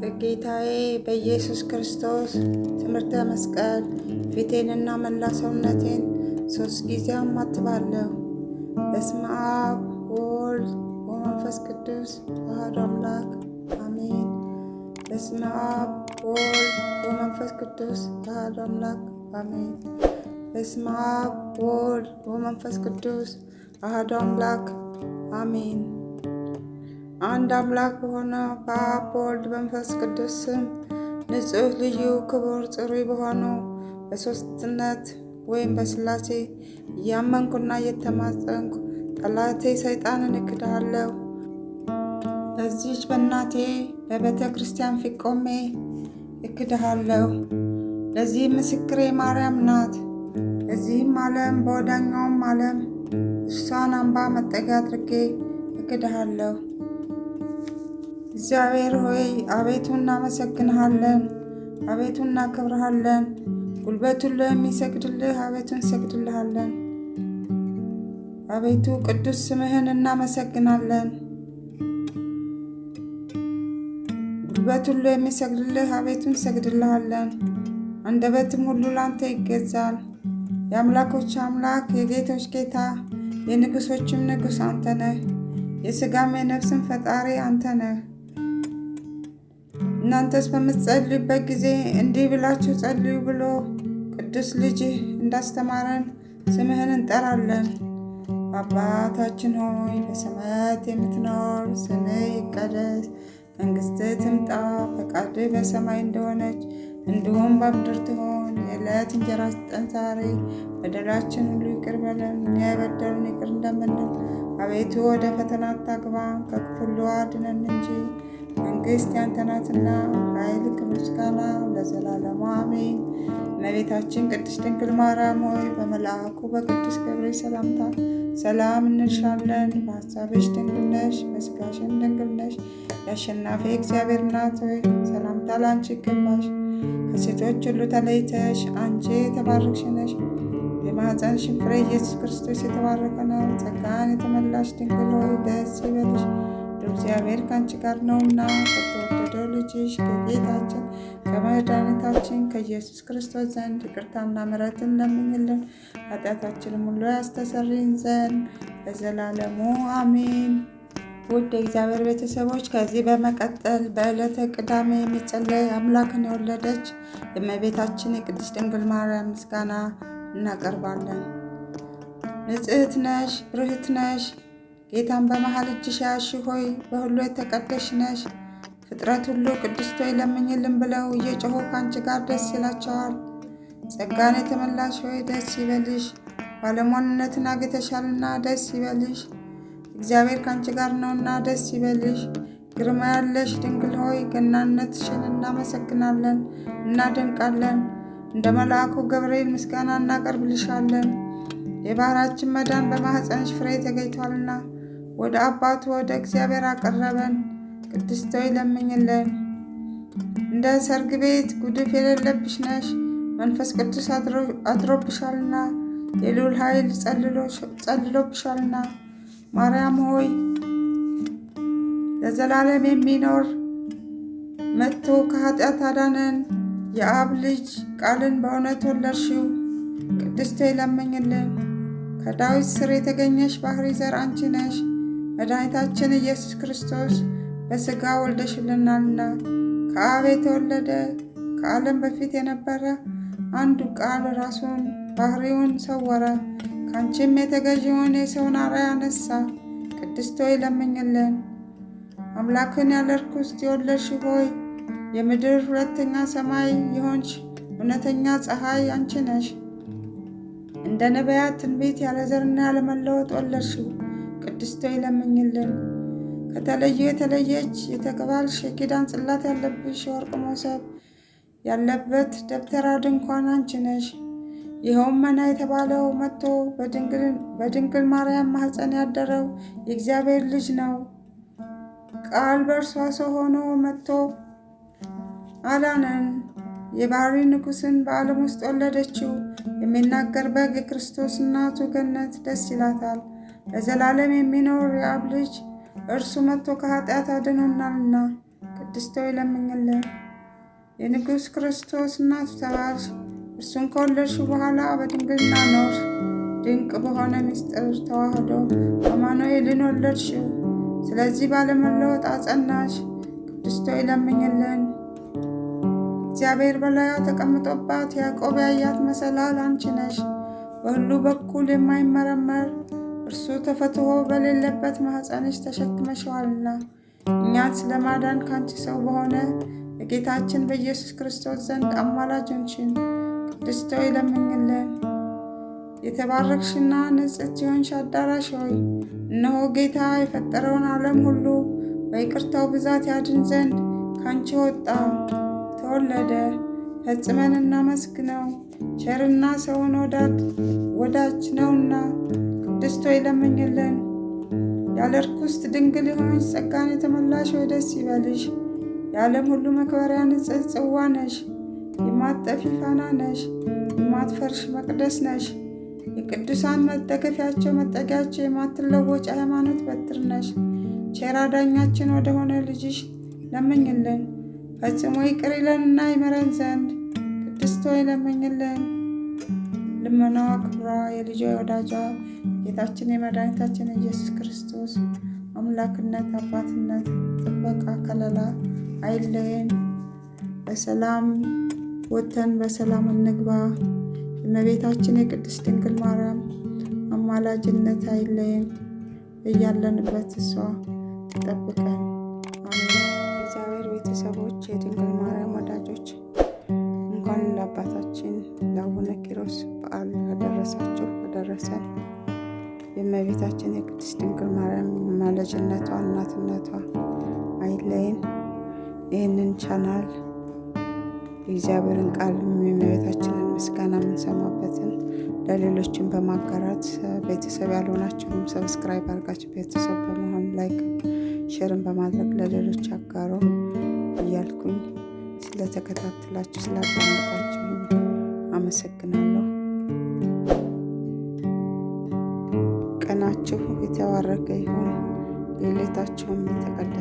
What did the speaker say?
በጌታዬ በኢየሱስ ክርስቶስ ትምህርተ መስቀል ፊቴንና መላ ሰውነቴን ሶስት ጊዜ አማትባለሁ። በስመ አብ ወወልድ ወመንፈስ ቅዱስ አሐዱ አምላክ አሜን። በስመ አብ ወወልድ ወመንፈስ ቅዱስ አሐዱ አምላክ አሜን። በስመ አብ ወወልድ ወመንፈስ ቅዱስ አሐዱ አምላክ አሜን። አንድ አምላክ በሆነው በአብ በወልድ በመንፈስ ቅዱስ ስም ንጹሕ ልዩ ክቡር ጽሩይ በሆኑ በሶስትነት ወይም በስላሴ እያመንኩና እየተማጸንኩ ጠላቴ ሰይጣንን እክዳለሁ። በዚች በእናቴ በቤተ ክርስቲያን ፊት ቆሜ እክድሃለሁ። ለዚህም ምስክሬ ማርያም ናት። እዚህም ዓለም በወዳኛውም ዓለም እሷን አምባ መጠጊያ አድርጌ እክድሃለሁ። እግዚአብሔር ሆይ አቤቱ እናመሰግንሃለን፣ አቤቱ እናከብርሃለን። ጉልበቱን ለሚሰግድልህ አቤቱ እንሰግድልሃለን። አቤቱ ቅዱስ ስምህን እናመሰግናለን። ጉልበት ሁሉ የሚሰግድልህ አቤቱ እንሰግድልሃለን። አንደበትም ሁሉ ላንተ ይገዛል። የአምላኮች አምላክ የጌቶች ጌታ የንጉሶችም ንጉስ አንተ ነህ። የሥጋም የነፍስም ፈጣሪ አንተ ነህ። እናንተስ በምትጸልዩበት ጊዜ እንዲህ ብላችሁ ጸልዩ ብሎ ቅዱስ ልጅህ እንዳስተማረን ስምህን እንጠራለን። አባታችን ሆይ በሰማያት የምትኖር፣ ስምህ ይቀደስ፣ መንግስት ትምጣ፣ ፈቃድህ በሰማይ እንደሆነች እንዲሁም በምድር ትሆን። የዕለት እንጀራ ስጠን ዛሬ፣ በደላችን ሁሉ ይቅር በለን እኛ የበደሉን ይቅር እንደምንል፣ አቤቱ ወደ ፈተና አታግባን፣ ከክፉ አድነን እንጂ መንግስት ያንተ ናትና ኃይል ምስጋና ለዘላለሙ አሜን። እመቤታችን ቅድስት ድንግል ማርያም ሆይ በመልአኩ በቅዱስ ገብርኤል ሰላምታ ሰላም እንልሻለን። በሀሳብሽ ድንግል ነሽ፣ በስጋሽም ድንግል ነሽ። የአሸናፊ እግዚአብሔር እናት ሆይ ሰላምታ ላንቺ ይገባሽ። ከሴቶች ሁሉ ተለይተሽ አንቺ የተባረክሽ ነሽ። የማኅፀንሽ ፍሬ ኢየሱስ ክርስቶስ የተባረከ ነው። ጸጋን የተመላሽ ድንግል ሆይ ደስ ይበልሽ እግዚአብሔር ከአንቺ ጋር ነውና ከተወደደው ልጅሽ ከጌታችን ከመድኃኒታችን ከኢየሱስ ክርስቶስ ዘንድ ይቅርታና ምሕረትን ለምኝልን ኃጢአታችንም ሁሉ ያስተሰርይን ዘንድ ለዘላለሙ አሜን። ውድ የእግዚአብሔር ቤተሰቦች ከዚህ በመቀጠል በዕለተ ቅዳሜ የሚጸለይ አምላክን የወለደች የእመቤታችን የቅድስት ድንግል ማርያም ምስጋና እናቀርባለን። ንጽሕት ነሽ፣ ብርህት ነሽ ጌታን በመሃል እጅሽ ያሽ ሆይ በሁሉ የተቀደሽ ነሽ፣ ፍጥረት ሁሉ ቅድስት ሆይ ለምኝልን ብለው እየጮሆ ከአንቺ ጋር ደስ ይላቸዋል። ጸጋን የተመላሽ ሆይ ደስ ይበልሽ፣ ባለሟልነትን አግኝተሻልና ደስ ይበልሽ። እግዚአብሔር ከአንቺ ጋር ነውና ደስ ይበልሽ። ግርማ ያለሽ ድንግል ሆይ ገናነትሽን እናመሰግናለን እናደንቃለን። እንደ መልአኩ ገብርኤል ምስጋና እናቀርብልሻለን። የባህራችን መዳን በማህፀንሽ ፍሬ ተገኝቷልና ወደ አባቱ ወደ እግዚአብሔር አቀረበን። ቅድስት ሆይ ለምኝልን። እንደ ሰርግ ቤት ጉድፍ የሌለብሽ ነሽ፣ መንፈስ ቅዱስ አድሮብሻልና የልዑል ኃይል ጸልሎብሻልና። ማርያም ሆይ ለዘላለም የሚኖር መጥቶ ከኃጢአት አዳነን። የአብ ልጅ ቃልን በእውነት ወለድሽው። ቅድስት ሆይ ለምኝልን። ከዳዊት ስር የተገኘሽ ባህሪ ዘር አንቺ ነሽ። መድኃኒታችን ኢየሱስ ክርስቶስ በሥጋ ወልደሽልናልና ከአብ የተወለደ ከዓለም በፊት የነበረ አንዱ ቃል ራሱን ባህሪውን ሰወረ፣ ከአንቺም የተገዢውን የሰውን አርአያ ያነሳ! ቅድስቶ ይለምኝልን አምላክን ያለ ርኩስ የወለድሽ ሆይ የምድር ሁለተኛ ሰማይ የሆንሽ እውነተኛ ፀሐይ አንቺ ነሽ። እንደ ነቢያት ትንቢት ያለ ዘርና ያለመለወጥ ወለድሽው። ቅድስቶ ይለምኝልን። ከተለዩ የተለየች የተቀባልሽ የኪዳን ጽላት ያለብሽ የወርቅ መሶብ ያለበት ደብተራ ድንኳን አንቺ ነሽ። ይኸውም መና የተባለው መጥቶ በድንግል ማርያም ማኅፀን ያደረው የእግዚአብሔር ልጅ ነው። ቃል በእርሷ ሰው ሆኖ መጥቶ አላነን። የባህሪ ንጉሥን በዓለም ውስጥ ወለደችው። የሚናገር በግ የክርስቶስ እናቱ ገነት ደስ ይላታል። ለዘላለም የሚኖር የአብ ልጅ እርሱ መጥቶ ከኃጢአት አድኖናልና ቅድስት ሆይ ለምኝልን። የንጉሥ ክርስቶስ እናቱ ተባልሽ፣ እርሱን ከወለድሽ በኋላ በድንግልና ኖር። ድንቅ በሆነ ምስጢር ተዋህዶ አማኑኤልን ወለድሽው። ስለዚህ ባለመለወጥ አጸናሽ። ቅድስት ሆይ ለምኝልን። እግዚአብሔር በላዩ ተቀምጦባት ያዕቆብ ያያት መሰላል አንቺ ነሽ፣ በሁሉ በኩል የማይመረመር እርሱ ተፈትሆ በሌለበት ማኅፀንሽ ተሸክመሽዋልና እኛን ስለማዳን ካንቺ ሰው በሆነ በጌታችን በኢየሱስ ክርስቶስ ዘንድ አማላጆንችን ሆንሽን። ቅድስት ሆይ ለምኝልን። የተባረክሽና ንጽሕት ሲሆንሽ አዳራሽ ሆይ እነሆ ጌታ የፈጠረውን ዓለም ሁሉ በይቅርታው ብዛት ያድን ዘንድ ካንቺ ወጣ ተወለደ። ፈጽመን እናመስግነው፣ ቸርና ሰውን ወዳጅ ነውና። ቅድስቶ ይለምኝልን። ያለ ርኩስት ድንግል የሆንሽ ጸጋን የተመላሽ ሆይ ደስ ይበልሽ። የዓለም ሁሉ መክበሪያ ንጽሕት ጽዋ ነሽ። የማትጠፊ ፋና ነሽ። የማትፈርሽ መቅደስ ነሽ። የቅዱሳን መደገፊያቸው መጠጊያቸው የማትለወጭ ሃይማኖት በትር ነሽ። ዳኛችን ወደ ወደሆነ ልጅሽ ለምኝልን። ፈጽሞ ይቅር ይለንና ይመረን ዘንድ ቅድስቶ ይለምኝልን። ልመናዋ ክብሯ የልጇ የወዳጇ ጌታችን የመድኃኒታችን ኢየሱስ ክርስቶስ አምላክነት፣ አባትነት፣ ጥበቃ፣ ከለላ አይለየን። በሰላም ወጥተን በሰላም እንግባ። የእመቤታችን የቅድስት ድንግል ማርያም አማላጅነት አይለየን። እያለንበት እሷ ትጠብቀን። እግዚአብሔር ቤተሰቦች፣ የድንግል ማርያም ወዳጆች እንኳን ለአባታችን ለአቡነ ኪሮስ በዓል አደረሳችሁ አደረሰን። የእመቤታችን የቅድስት ድንግል ማርያም መለጅነቷ እናትነቷ አይለይን። ይህንን ቻናል የእግዚአብሔርን ቃል የእመቤታችንን ምስጋና የምንሰማበትን ለሌሎችን በማጋራት ቤተሰብ ያልሆናችሁም ሰብስክራይብ አድርጋችሁ ቤተሰብ በመሆን ላይክ፣ ሼርን በማድረግ ለሌሎች አጋሮ እያልኩኝ ስለተከታተላችሁ ስላዳመጣችሁ አመሰግናለሁ። ቀናችሁ የተባረከ ይሁን፣ ሌሊታችሁም የተቀደሰ